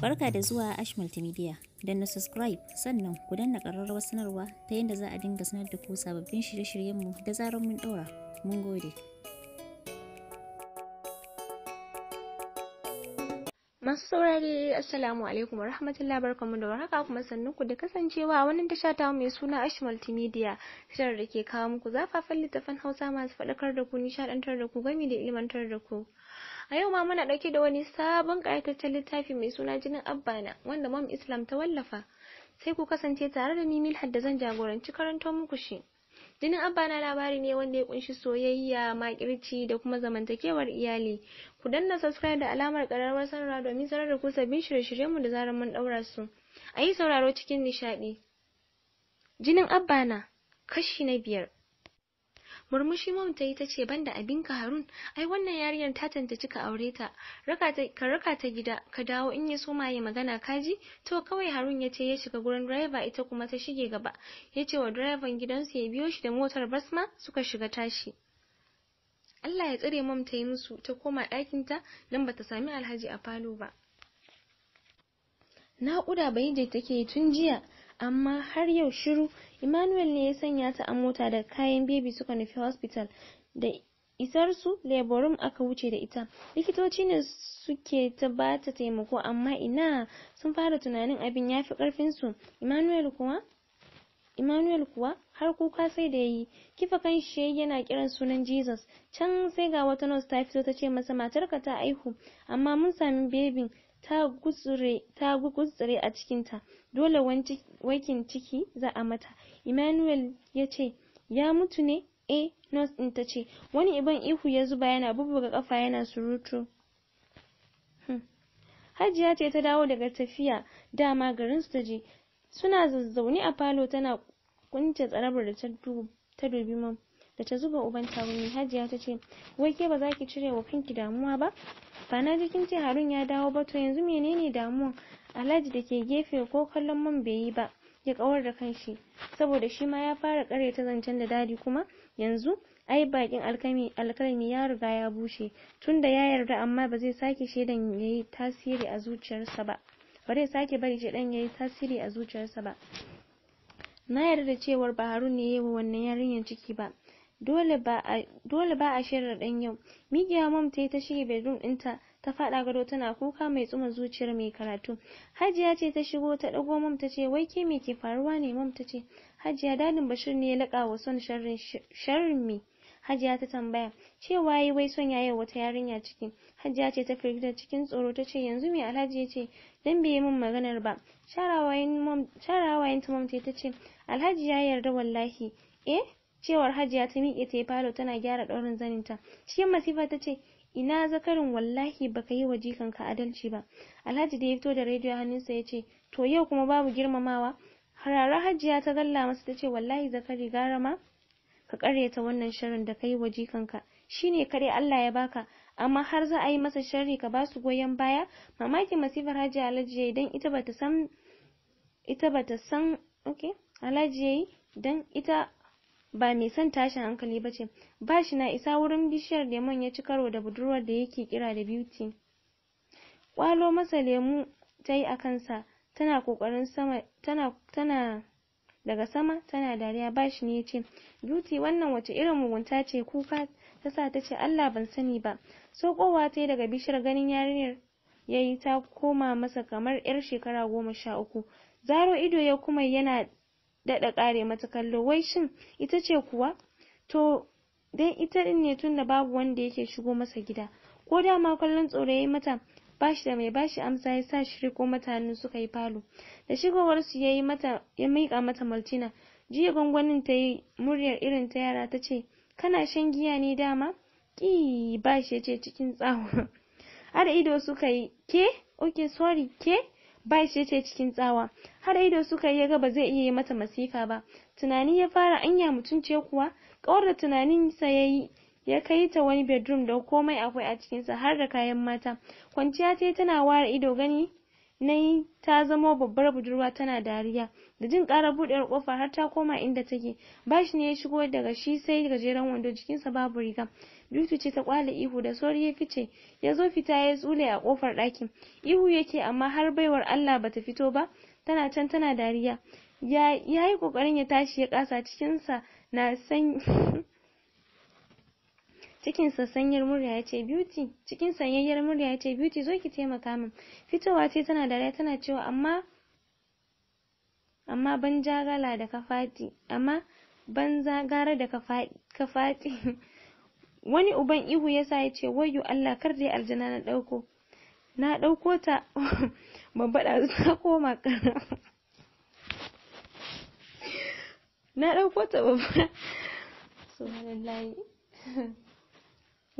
Barka da zuwa Ash Multimedia. Don na subscribe sannan ku danna ƙararrawar sanarwa ta yadda za a dinga sanar da ku sababbin shirye-shiryenmu da zarar mun ɗora. Mun gode. Masu saurare Assalamu alaikum warahmatullahi barkamu da warhaka kuma sannu ku da kasancewa a wannan tasha ta mai suna Ash Multimedia shirin da ke kawo muku zafafan littafan Hausa masu faɗakar da ku nishaɗantar da ku gami da ilmantar da ku. a yau ma muna ɗauke da wani sabon ƙayataccen littafi mai suna jinin abbana wanda mam islam ta wallafa sai ku kasance tare da ni milhad da zan jagoranci karanto muku shi jinin abbana labari ne wanda ya kunshi soyayya makirci da kuma zamantakewar iyali ku danna subscribe da alamar ƙararrawar sanarwa domin sanar da ku sabbin shirye-shiryenmu da zarar mun ɗaura su a yi sauraro cikin nishaɗi jinin abbana kashi na biyar murmushi mom ta yi ta ce banda abinka harun ai wannan yarinyar ta tantaci ka aure ta ka raka ta gida ka dawo in ya so ma yi magana kaji to kawai harun ya ce ya shiga gurin driver ita kuma ta shige gaba ya ce wa driver gidansu ya biyo shi da motar basma suka shiga tashi Allah ya tsire mom ta yi musu ta koma ta, don bata sami alhaji a falo ba. Naƙuda bai da take tun jiya amma har yau shiru emmanuel ne ya sanya ta a mota da kayan bebi suka nufi hospital da isar su laborum aka wuce da ita likitoci ne suke ta ba ta taimako amma ina sun fara tunanin abin ya fi karfin su emmanuel kuwa Emmanuel kuwa har kuka sai da ya yi kifa kan shi yana kiran sunan Jesus can sai ga wata nurse ta fito ta ce masa matarka ta aihu amma mun sami bebin ta gutsure a cikinta dole wakin ciki za a mata emmanuel ya ce ya mutu ne eh nurse ɗin ta ce wani iban ihu ya zuba yana bubuga kafa yana surutu hmm. hajiya ce ta dawo daga tafiya dama garin su ta je suna zazzaune a falo tana kunce tsarabar da ta dubi da ta zuba uban tagumi hajiya ta ce wai ke ba za ki cire wa kanki damuwa ba ba na ji ce harun ya dawo ba to yanzu menene damuwa alhaji da ke gefe ko kallon man bai yi ba ya kawar da kanshi saboda shi ma ya fara kare ta zancen da dadi kuma yanzu ai bakin alkami alkalmi ya riga ya bushe tunda ya yarda amma ba zai sake shedan yayi tasiri a zuciyarsa ba ba zai sake bari dan yayi tasiri a zuciyarsa ba na yarda da cewar ba harun ne yayi wa wannan yarinyar ciki ba dole ba a dan yau Migiya mam ta yi ta shige bedroom ɗinta ta faɗa gado tana kuka mai tsuma zuciyar mai karatu hajiya ce ta shigo ta ɗago mom ta ce wai ke me ke faruwa ne mom ta ce hajiya dadin bashir ne ya laƙa wa son sharrin me hajiya ta tambaya cewa yi wai son yayi wata yarinya ciki hajiya ce ta firgita cikin tsoro ta ce yanzu me alhaji ya ce dan bai yi min maganar ba sharawayen mom ta ce alhaji ya yarda wallahi eh cewar hajiya ta miƙe ta yi falo tana gyara ɗaurin zaninta cikin masifa ta ce ina zakarin wallahi baka yi wa jikanka adalci ba alhaji da ya fito da rediyo hannunsa ya ce to yau kuma babu girmamawa harara hajiya ta galla masa ta ce wallahi zakari gara ma ka karyata wannan shirin da ka yi wa jikanka shine kare Allah ya baka amma har za a yi masa sharri ka ba su goyon baya mamakin masifar hajiya alhaji ya idan ita bata san san okay alhaji yi don ita ba mai son tashin hankali ba ce ba shi na isa wurin bishiyar lemon ya ci karo da budurwar da yake kira da beauty kwalo masa lemu ta yi a kansa tana kokarin sama tana tana daga sama tana dariya ba shi ne ya ce beauty wannan wace irin mugunta ce kuka ta sa ta ce allah ban sani ba saukowa ta yi daga bishiyar ganin yarinyar ya yi ta koma masa kamar yar shekara goma sha uku zaro ido ya kuma yana daɗa ƙare mata kallo wai shin ita ce kuwa to dan ita din ne tunda babu wanda yake shigo masa gida ko da ma kallon tsoro yi mata bashi da mai bashi amsa ya sa shi riko mata hannu suka yi falo da shigowar su yayi mata ya mika mata maltina jiya gwangwanin ta yi muryar irin ta yara ta ce kana shan giya ne dama ki bashi ya ce cikin tsawo har ido suka yi ke okay sorry ke ba shi ce cikin tsawa har ido suka yi ga ba zai iya yi mata masifa ba tunani ya fara anya mutun ce kuwa kawar da tunanin sa yayi ya kai ta wani bedroom da komai akwai a cikinsa har da kayan mata kwanciya ce tana ware ido gani nayi ta zamo babbar budurwa tana dariya da jin ƙara buɗewar kofa har ta koma inda take bashi ne ya shigo daga shi sai gajeren wando jikinsa babu riga Lutu ce ta kwala ihu da sauri ya fice ya zo fita ya tsule a kofar ɗakin ihu yake amma har baiwar Allah bata fito ba tana can tana dariya ya yi kokarin ya tashi ya kasa cikinsa na san cikin sanyayyar murya ya ce beauty cikin sanyayyar murya ya ce beauty zo ki taimaka min fitowa ce tana dariya tana cewa amma amma ban jagala da ka amma ban zagara da ka fati wani uban ihu yasa ya ce wayo Allah kar dai aljana na ɗauko na ɗauko ta ban faɗa ta koma kana na dauko ta babba subhanallahi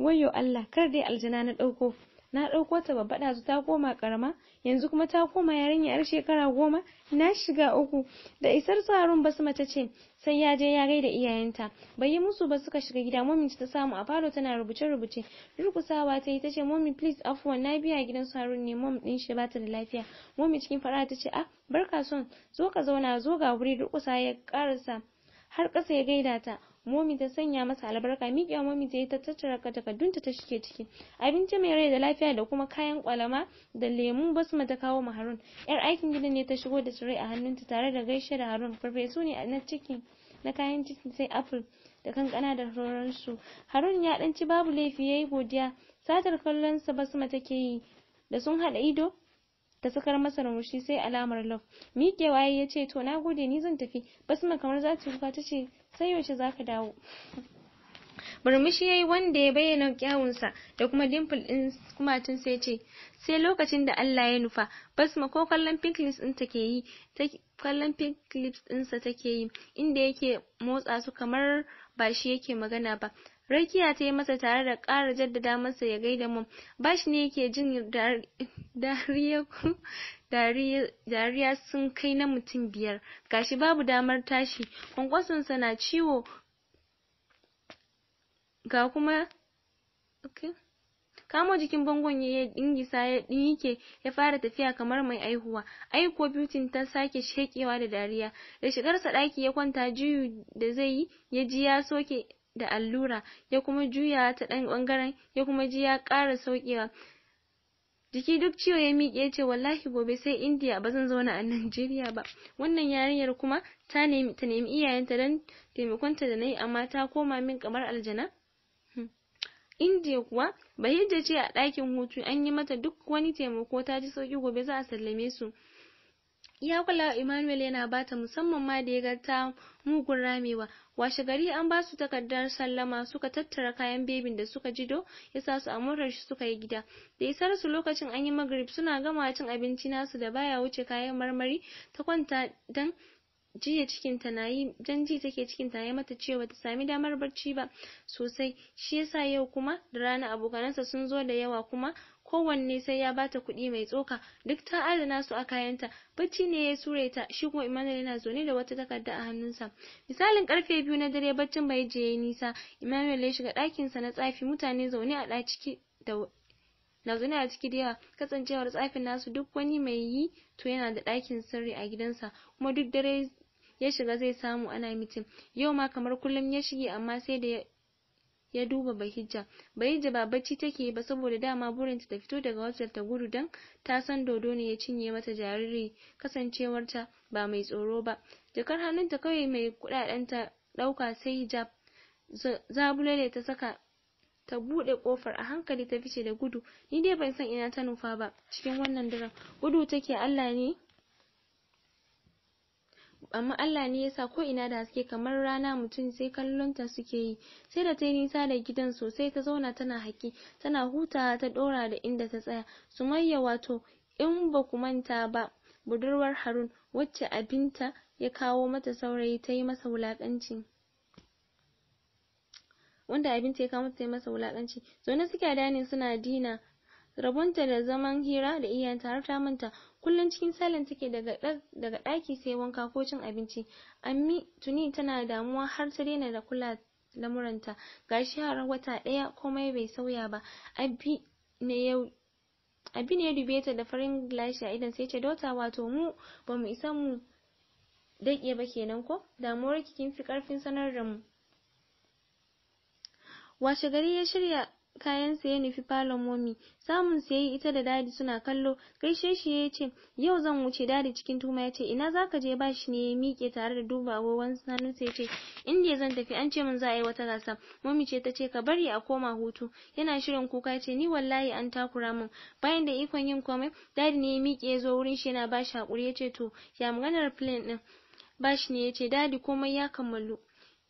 wayo Allah kar dai aljana na ɗauko na ɗauko ta babba ta koma karama yanzu kuma ta koma yarinya yar shekara goma na shiga uku da isar su harun basu mace ce sai ya je ya gaida iyayenta bai yi musu ba suka shiga gida momin ta samu a falo tana rubuce rubuce rukusawa ta yi tace momi please afwan na biya gidan su harun ne mom din shi bata da lafiya momi cikin fara ce ah barka son zo ka zauna zo ga wuri rukusa ya karasa har kasa ya gaida ta momi ta sanya masa albarka miƙewa momi ta yi ta tattara takardunta ta shige ciki abinci mai rai da lafiya da kuma kayan kwalama da lemu basma ta kawo ma harun yar aikin gidan ne ta shigo da tire a hannunta tare da gaishe da harun farfesu ne na ciki na kayan ciki sai apple da kankana da sauransu harun ya ci babu laifi yayi godiya satar kallon sa basma take yi da sun haɗa ido ta sakar masa murmushi sai alamar love miƙewa ya ce to na gode ni zan tafi basma kamar za ta kuka ta ce sai yaushe za ka dawo murmushi ya yi wanda ya bayyana kyawunsa da kuma dimple din kumatun sai ce sai lokacin da Allah ya nufa basma ko kallon pink lips din take yi kallon pink ɗinsa take yi inda yake motsa su kamar ba shi yake magana ba rakiya ta yi masa tare da ƙara jaddada masa ya gaida ba shi ne yake jin dariya sun kai na mutum biyar gashi babu damar tashi kwankwasonsa na ciwo ga kuma kamo jikin bangon ya dingisa ya dinke ya fara tafiya kamar mai aihuwa aiko beauty ta sake shekewa da dariya da shigarsa ɗaki ya kwanta juyu da zai yi ya ji ya soke da allura ya kuma juya ta ɗan ɓangaren ya kuma ji ya ƙara sauƙewa jiki duk ciwo ya miƙe ce wallahi gobe sai indiya ba zan zauna a najeriya ba wannan yarinyar kuma ta nemi iyayenta don taimakonta da na yi amma ta koma min kamar aljana hmm. indiya kuwa bahijja ce a ɗakin hutu an yi mata duk wani taimako ta ji sauƙi gobe za a sallame su ya kula Emmanuel yana bata musamman ma da ya ga ta mugun ramewa washe gari an ba su takardar sallama suka tattara kayan bebin da suka jido ya sa su a motar shi suka yi gida da isar su lokacin an yi magrib suna gama cin abinci nasu da baya wuce kayan marmari ta kwanta dan jiya cikin ta nayi dan ji take cikin ta yi mata cewa ta sami damar barci ba sosai shi yasa yau kuma da rana abokanansa sun zo da yawa kuma kowanne sai ya bata kuɗi mai tsoka duk ta adana su a kayanta bacci ne ya sure ta shi kuma Emmanuel yana zaune da wata takarda a hannunsa misalin karfe biyu na dare baccin bai je nisa imanuel ya shiga ɗakinsa na tsafi mutane zaune a ɗaki da na zaune a ciki da yawa kasancewar tsafin nasu duk wani mai yi to yana da ɗakin sirri a gidansa kuma duk dare ya shiga zai samu ana mitin yau ma kamar kullum ya shige amma sai da ya duba bahijja bahija ba bacci take ba saboda dama burinta ta fito daga wajen ta gudu dan ta san dodo ne ya cinye mata jariri kasancewarta ba mai tsoro ba jakar hannunta kawai mai kudaden ta dauka sai hijab zabulele ta saka ta bude kofar a hankali ta fice da gudu ni dai ban san ina ta nufa ba cikin wannan dare. gudu take Allah ne amma Allah ne yasa ko ina da haske kamar rana mutum sai kallonta suke yi sai da ta yi nisa da gidan sosai ta zauna tana haki tana hutawa ta dora da inda ta tsaya sumayya wato in ba ku manta ba budurwar harun wacce abinta ya kawo mata saurayi ta yi masa wulakanci wanda abinta ya kawo mata ta masa wulakanci zaune suke a dani suna dina rabonta da zaman hira da iyayenta har ta manta kullum cikin salon take daga daga daki sai wanka ko cin abinci ammi tuni tana damuwa har ta daina da kula lamuranta gashi har wata ɗaya komai bai sauya ba abi ne ya abi ne dube ta da farin glashi a idan sai ce dota wato mu ba mu isa mu daƙe ba kenan ko damuwar kin fi ƙarfin sanar da mu washe gari ya shirya kayan kayansa ya nufi falon momi samun sa yayi ita da dadi suna kallo gaishe shi ya ce yau zan wuce dadi cikin tuma ya ce ina zaka je bashi ne ya miƙe tare da duba agogon sanusa ya ce indiya zan tafi an ce min za a yi wata gasa momi ce ta ce ka bari a koma hutu yana shirin kuka ya ce ni wallahi an takura min bayan da ikon yin komai dadi ne ya miƙe ya zo wurin shi yana bashi hakuri ya ce to ya maganar plane din bashi ne ya ce dadi komai ya kammalu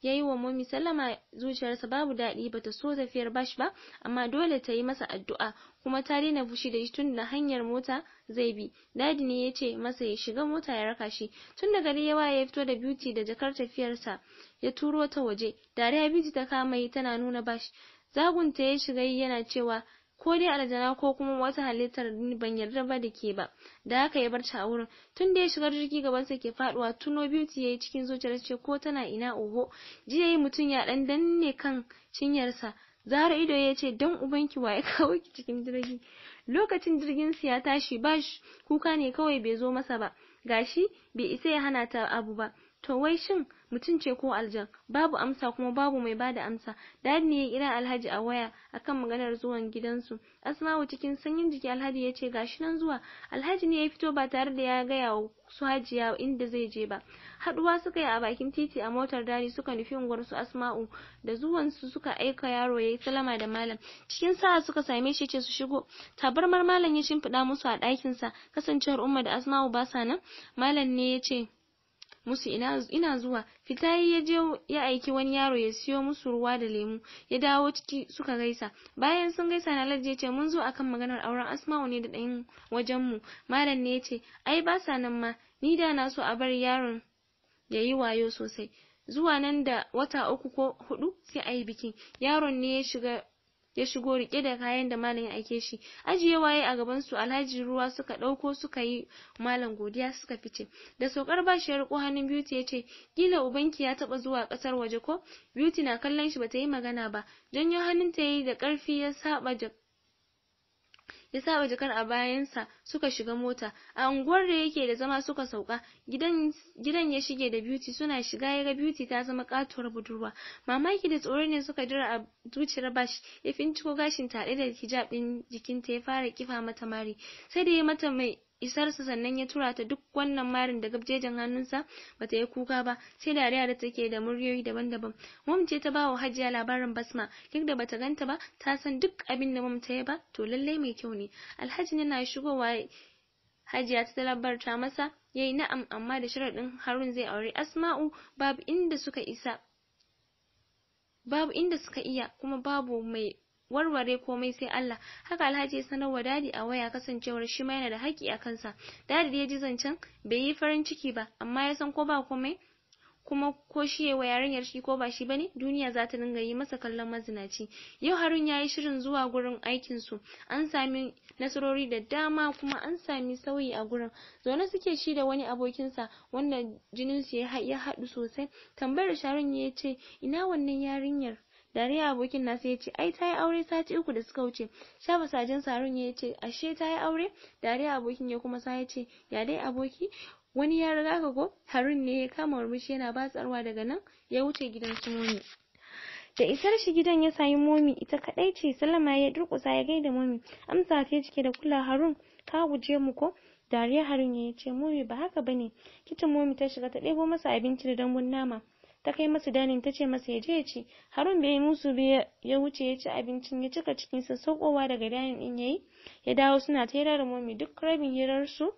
ya yi wa momi sallama zuciyarsa babu daɗi bata so tafiyar bash ba amma dole ta yi masa addu'a kuma ta daina fushi da shi tun da hanyar mota zai bi dadi ne ya ce masa ya shiga mota ya raka shi tun da gari yawa ya fito da beauty da jakar tafiyarsa ya turo ta waje dariya beauty ta kama yi tana nuna bash zagunta ya shiga yana cewa ko dai aljana ko kuma wata halittar ban yarda ba da ke ba da haka ya barci a wurin tun da ya shiga jirgi gaban sa ke faduwa tuno beauty yayi cikin zuciyar ce ko tana ina oho jiya yi mutum ya dan danne kan sa zara ido ya ce dan ubanki wa ya kawo ki cikin jirgi lokacin jirgin ya tashi bash kuka ne kawai bai zo masa ba gashi bai isa ya hana ta abu ba to wai shin mutum ce ko aljan babu amsa kuma babu mai bada amsa dadi ne ya kira alhaji a waya akan maganar zuwan gidansu asma'u cikin sanyin jiki alhaji ya ce gashi nan zuwa alhaji ne ya fito ba tare da ya gaya wa su hajiya inda zai je ba haduwa suka yi a bakin titi a motar dadi suka nufi unguwar su asma'u da zuwan su suka aika yaro yayi salama da malam cikin sa'a suka same shi ce su shigo tabarmar malam ya shimfiɗa musu a ɗakin sa kasancewar umma da asma'u ba sa nan malam ne ya ce musu ina zuwa fita ya je ya aiki wani yaro ya siyo musu ruwa da lemu ya dawo ciki suka gaisa bayan sun gaisa na alhaji ya ce mun zo akan maganar auren asma'u ne da ɗayan wajen mu malam ne ya ce ai ba sa nan ma ni da na so a bar yaron ya yi wayo sosai zuwa nan da wata uku ko hudu sai ayi yi bikin yaron ne ya shiga ya shigo rike da kayan da malam ya aike shi ajiye waye a gaban su alhaji ruwa suka dauko suka yi malam godiya suka fice da saukar bashi ya riko hannun beauty ya ce kila ubanki ya taba zuwa kasar waje ko beauty na kallon shi bata yi magana ba janyo hannunta yayi da karfi ya saba ya saba jakar a bayansa suka shiga mota a unguwar da yake da zama suka sauka gidan ya shige da beauty suna shiga ya ga beauty ta zama katuwar budurwa mamaki da tsoro ne suka jira a zuciyar bash ya finciko gashin tare da hijab din jikinta ya fara kifa mata mari sai da ya mata mai isarsa sannan ya tura ta duk wannan marin da gabjejen hannunsa bata yi kuka ba sai dariya da take da muryoyi daban-daban mom ce ta bawa hajiya labarin basma duk da bata ganta ba ta san duk abin da mom ta ba to lallai mai kyau ne alhaji yana shigowa hajiya ta talabarta masa yayi na'am amma da sharaɗin harun zai aure asma'u babu inda suka isa babu inda suka iya kuma babu mai warware komai sai Allah haka Alhaji ya wa dadi a waya kasancewar shi ma yana da haƙi a kansa dadi ya ji zancen bai yi farin ciki ba amma ya san ko ba komai kuma ko shi yawa yarinyar shi ko ba shi bane duniya za ta dinga yi masa kallon mazinaci yau harun ya yi shirin zuwa gurin aikin su an sami nasarori da dama kuma an sami sauyi a gurin zaune suke shi da wani abokinsa wanda jinin su ya haɗu sosai tambayar Sharon ya ce ina wannan yarinyar dariya abokin nasa ya ce ai ta yi aure sati uku da suka wuce shafa su sarun ya ce ashe ta yi aure dariya abokin ya kuma sa ya ce ya dai aboki wani ya riga ka ko harun ne ya kama murmushi yana ba tsarwa daga nan ya wuce gidan su momi da isar shi gidan ya sayi momi ita kadai ce salama ya durkusa ya gaida momi amsa ta cike da kula harun ka guje mu ko dariya harun ya ce momi ba haka bane kitin momi ta shiga ta ɗebo masa abinci da dambun nama ta kai masa danin ta ce masa ya je ya ci harun bai yi musu bai ya wuce ya ci abincin ya cika cikin sa saukowa daga danin din yayi ya dawo suna ta hirar momi duk rabin hirar su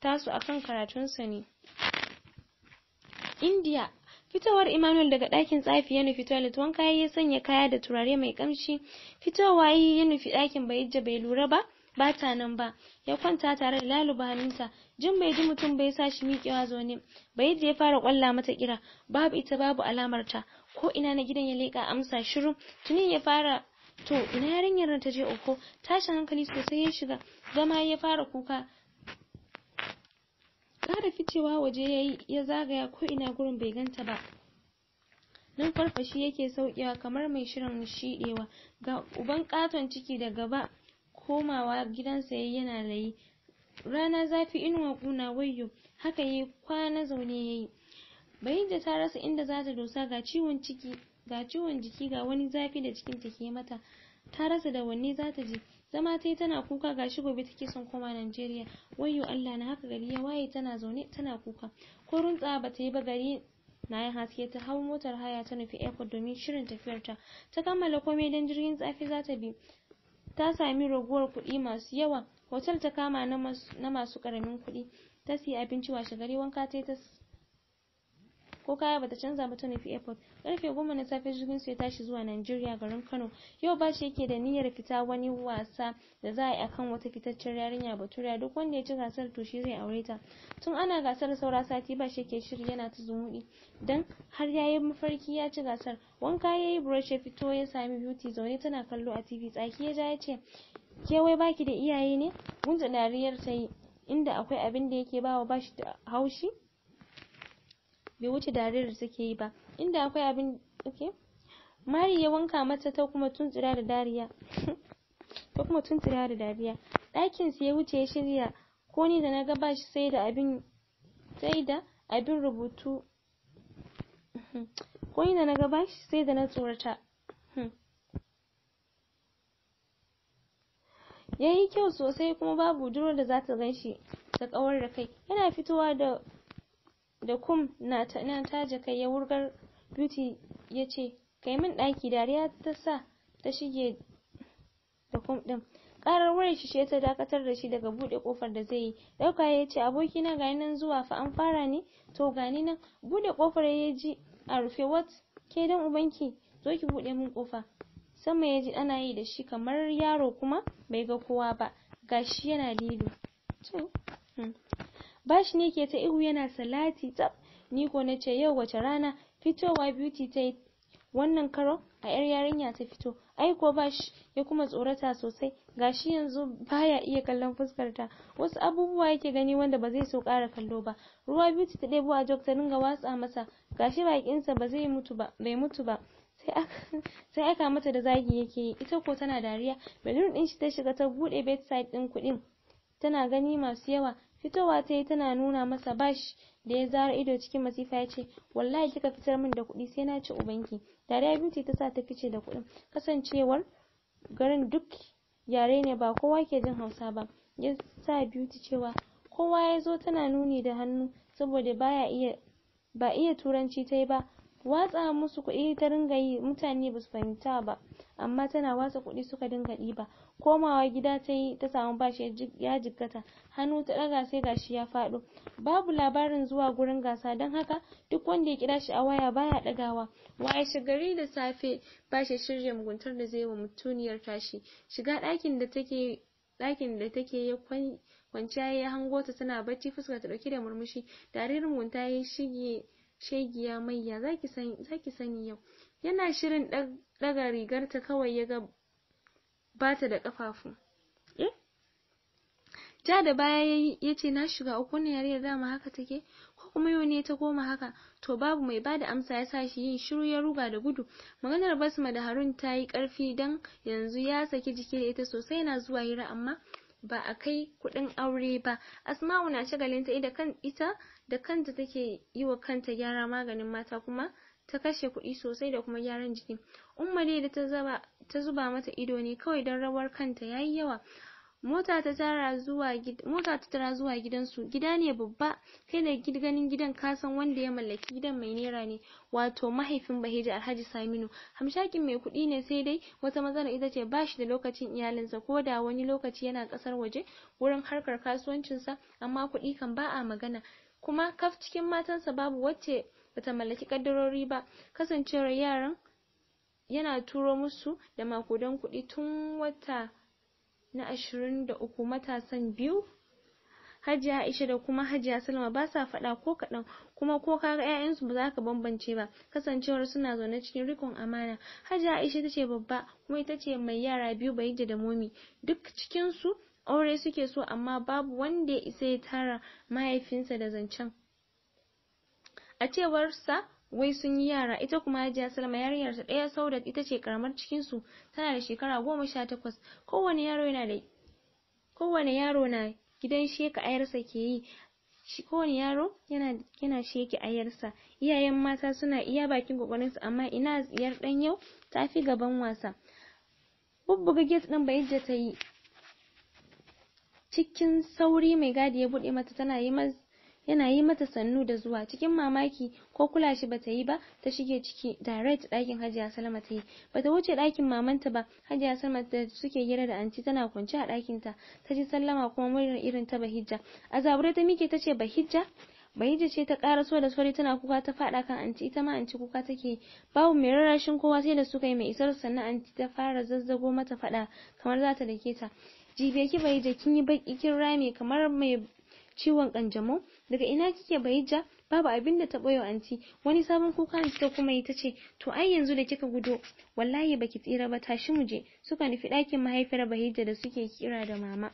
tasu akan karatun sa ne India Fitowar Emmanuel daga ɗakin tsafi ya nufi toilet wanka ya sanya kaya da turare mai kamshi fitowa yi ya nufi ɗakin bai bai lura ba bata nan ba ya kwanta tare da laluba hannunta jin bai ji mutum bai sa shi miƙewa zaune bai da ya fara kwalla mata kira babu ita babu alamar ta ko ina na gidan ya leƙa amsa shiru tuni ya fara to ina yarinyar ta je oko tashin hankali sosai ya shiga zama ya fara kuka ƙara ficewa waje yayi ya zagaya ko ina gurin bai ganta ba nan farfashi yake saukewa kamar mai shirin shiɗewa ga uban katon ciki da gaba komawa gidansa yayi yana layi rana zafi inuwa kuna wayyo haka yayi kwana zaune yayi bayyanta ta rasa inda za ta dosa ga ciwon ciki ga ciwon jiki ga wani zafi da cikinta ke mata ta rasa da wanne za ta je zama yi tana kuka ga shi gobe take son koma Najeriya wayyo Allah na haka gari ya waye tana zaune tana kuka ko runtsa ba ta yi ba gari na yin haske ta hau motar haya ta nufi airport domin shirin tafiyarta ta kammala komai don jirgin tsafi za ta bi ta sami raguwar kuɗi masu yawa hotel ta kama na masu ƙaramin kuɗi ta siya abinci washegari wanka tayi ta ko kaya bata canza ba ta nufi airport karfe goma na safe jirgin su ya tashi zuwa nigeria garin Kano yau ba shi yake da niyyar fita wani wasa da za a yi akan wata fitaccen yarinya baturiya duk wanda ya ci gasar to shi zai aure ta tun ana gasar saura sati ba shi yake shiri yana ta zumuɗi dan har yayi mafarki ya ci gasar wanka yayi brush ya fito ya sami beauty zaune tana kallo a TV tsaki ya ja ya ce ke wai baki da iyaye ne gunta dariyar ta yi inda akwai abin da yake bawa bashi da haushi bai wuce dariyar da suke yi ba inda akwai abin okay mari ya wanka mata ta kuma tuntsira da dariya ta kuma tuntsira da dariya ɗakin su ya wuce ya shirya ko ni da na ga bashi sai da abin sai da abin rubutu ko ni da na ga bashi sai da na tsorata yayi kyau sosai kuma babu budurwar da za ta gan shi ta kawar da kai yana fitowa da da kum na taje kai ya wurgar beauty yace kai min ɗaki dariya ta sa ta shige da kum ɗin karar wurin shi ce ta dakatar da shi daga buɗe kofar da zai yi dauka ya ce aboki na gani nan zuwa fa an fara ne to gani nan buɗe ƙofar ya ji a rufe wat ke dan ubanki zo ki buɗe min kofa sama ya ji ana yi da shi kamar yaro kuma bai ga kowa ba gashi yana lilo to bashi ne ke ta ihu yana salati tsaf ni ko na ce yau wace rana fitowa beauty ta yi wannan karo a yar yarinya ta fito ai ko bashi ya kuma tsorata sosai gashi yanzu baya iya kallon fuskar ta wasu abubuwa yake gani wanda ba zai so kara kallo ba ruwa beauty ta ɗebo a jok ta dinga watsa masa gashi bakinsa ba zai mutu ba bai mutu ba sai aka mata da zagi yake yi ita ko tana dariya balloon din shi ta shiga ta bude bedside din kudin tana gani masu yawa fitowa ta yi tana nuna masa bash da ya zara ido cikin masifa ya ce wallahi kika fitar min da kuɗi sai na ci ubanki dariya beauty ta sa ta fice da kuɗin kasancewar garin duk yare ne ba kowa ke jin hausa ba ya sa beauty cewa kowa ya zo tana nuni da hannu saboda baya iya ba iya turanci ta yi ba watsa musu kuɗi ta ringa yi mutane basu fahimta ba amma tana watsa kuɗi suka dinga ɗiba komawa gida ta ta samu bashi ya jikkata hannu ta ɗaga sai gashi ya faɗo babu labarin zuwa gurin gasa don haka duk wanda ya kira shi a waya baya ɗagawa waye gari da safe bashi shirya muguntar da zai wa mutuniyar tashi shiga ɗakin da take ɗakin da take ya kwanciya ya hango ta tana bacci fuska ta ɗauke da murmushi tarihin mugunta ya shige shegiya mayya zaki sani yau yana shirin daga rigarta kawai ya ga bata da kafafu eh? ja da baya ya ce na shiga uku ne yare mu haka take ko kuma yau ne ta goma haka to babu mai bada amsa ya sa shi yin shiru ya ruga da gudu maganar basma da harun ta yi karfi dan yanzu ya saki jiki da ita sosai yana zuwa hira amma ba a kai kudin aure ba asma'u na shagalinta ita kan ita da kanta take yi wa kanta gyara maganin mata kuma ta kashe kuɗi sosai da kuma gyaran jiki umma da ta zuba mata ido ne kawai don rawar kanta yayi yawa mota ta tara zuwa mota ta tara zuwa gidansu gida ne babba kai da ganin gidan ka san wanda ya mallaki gidan mai nera ne wato mahaifin bahija alhaji saminu hamshakin mai kuɗi ne sai dai wata matsalar ita ce bashi da lokacin iyalinsa ko da wani lokaci yana ƙasar waje wurin harkar kasuwancinsa amma kuɗi kan ba a magana kuma kaf cikin matansa babu wacce bata mallaki kaddarori ba kasancewar yaran yana turo musu da makudan kuɗi tun wata na ashirin da uku matasan biyu Hajiya Aisha da kuma Hajiya Salma ba sa faɗa ko kaɗan kuma ko ka ga ƴaƴansu ba za ka bambance ba kasancewar suna zaune cikin rikon amana. Hajiya Aisha ce babba kuma ita ce mai yara biyu bai da Momi duk cikin su aure suke so amma babu wanda ya isa ya tara mahaifinsa da zancen. a cewarsa wai sun yi yara ita kuma hajiya salma yarinyar ta ɗaya saudat ita ce karamar cikinsu tana da shekara goma sha takwas kowane yaro yaro na gidan sheka ayarsa ke yi kowane yaro yana yana sheke ayarsa iyayen mata suna iya bakin su amma ina ziyar dan yau ta fi gaban wasa bubbuga gate din bai ta yi cikin sauri mai gadi ya bude mata tana yi yana yi mata sannu da zuwa cikin mamaki ko kula shi bata yi ba ta shige ciki direct ɗakin hajiya salma ta yi bata wuce ɗakin mamanta ba hajiya salma da suke gira da anti tana kwance a ɗakin ta ta ji sallama kuma murnar irin ta bahijja a zabure ta mike ta ce bahijja bahijja ce ta so da sauri tana kuka ta faɗa kan anti ita ma anti kuka take babu mai rarrashin kowa sai da suka yi mai isar sannan anti ta fara zazzago mata faɗa kamar za ta dake ta jibe ki bai da kin yi baki kin rame kamar mai ciwon kanjamau daga ina kike bahijja babu abin da ta boye anti wani sabon kuka ne ta kuma yi tace to ai yanzu da kika gudo wallahi baki tsira ba tashi mu je suka nufi ɗakin mahaifiyar bahija da suke kira da mama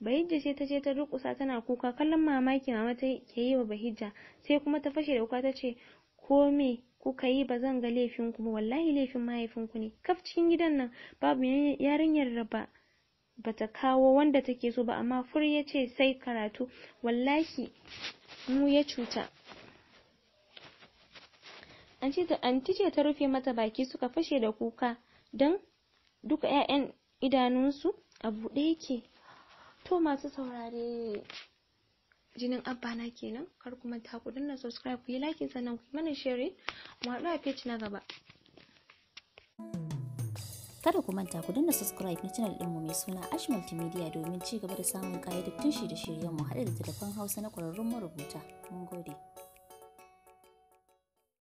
bahijja sai ta je ta rukusa tana kuka kallon mamaki mama ta ke yi wa bahijja sai kuma ta fashe da kuka tace ko me kuka yi ba zan ga laifin ku ba wallahi laifin mahaifinku ne kaf cikin gidan nan babu yarinyar raba bata kawo wanda take so ba amma fur ya ce sai karatu wallahi mu ya cuta an ce ta anti ce ta rufe mata baki suka fashe da kuka dan duka 'ya'yan idanunsu a buɗe yake to masu saurare jinin abba na kenan kar kuma ta ku danna subscribe ku yi like sannan ku mana sharing mu haɗu a page na gaba Kada ku manta ku dinna subscribe na channel ɗinmu mai suna Ash Multimedia domin ci gaba da samun ƙayyadattun shirye-shiryenmu haɗe da telefon Hausa na ƙwararrun marubuta. Mun gode.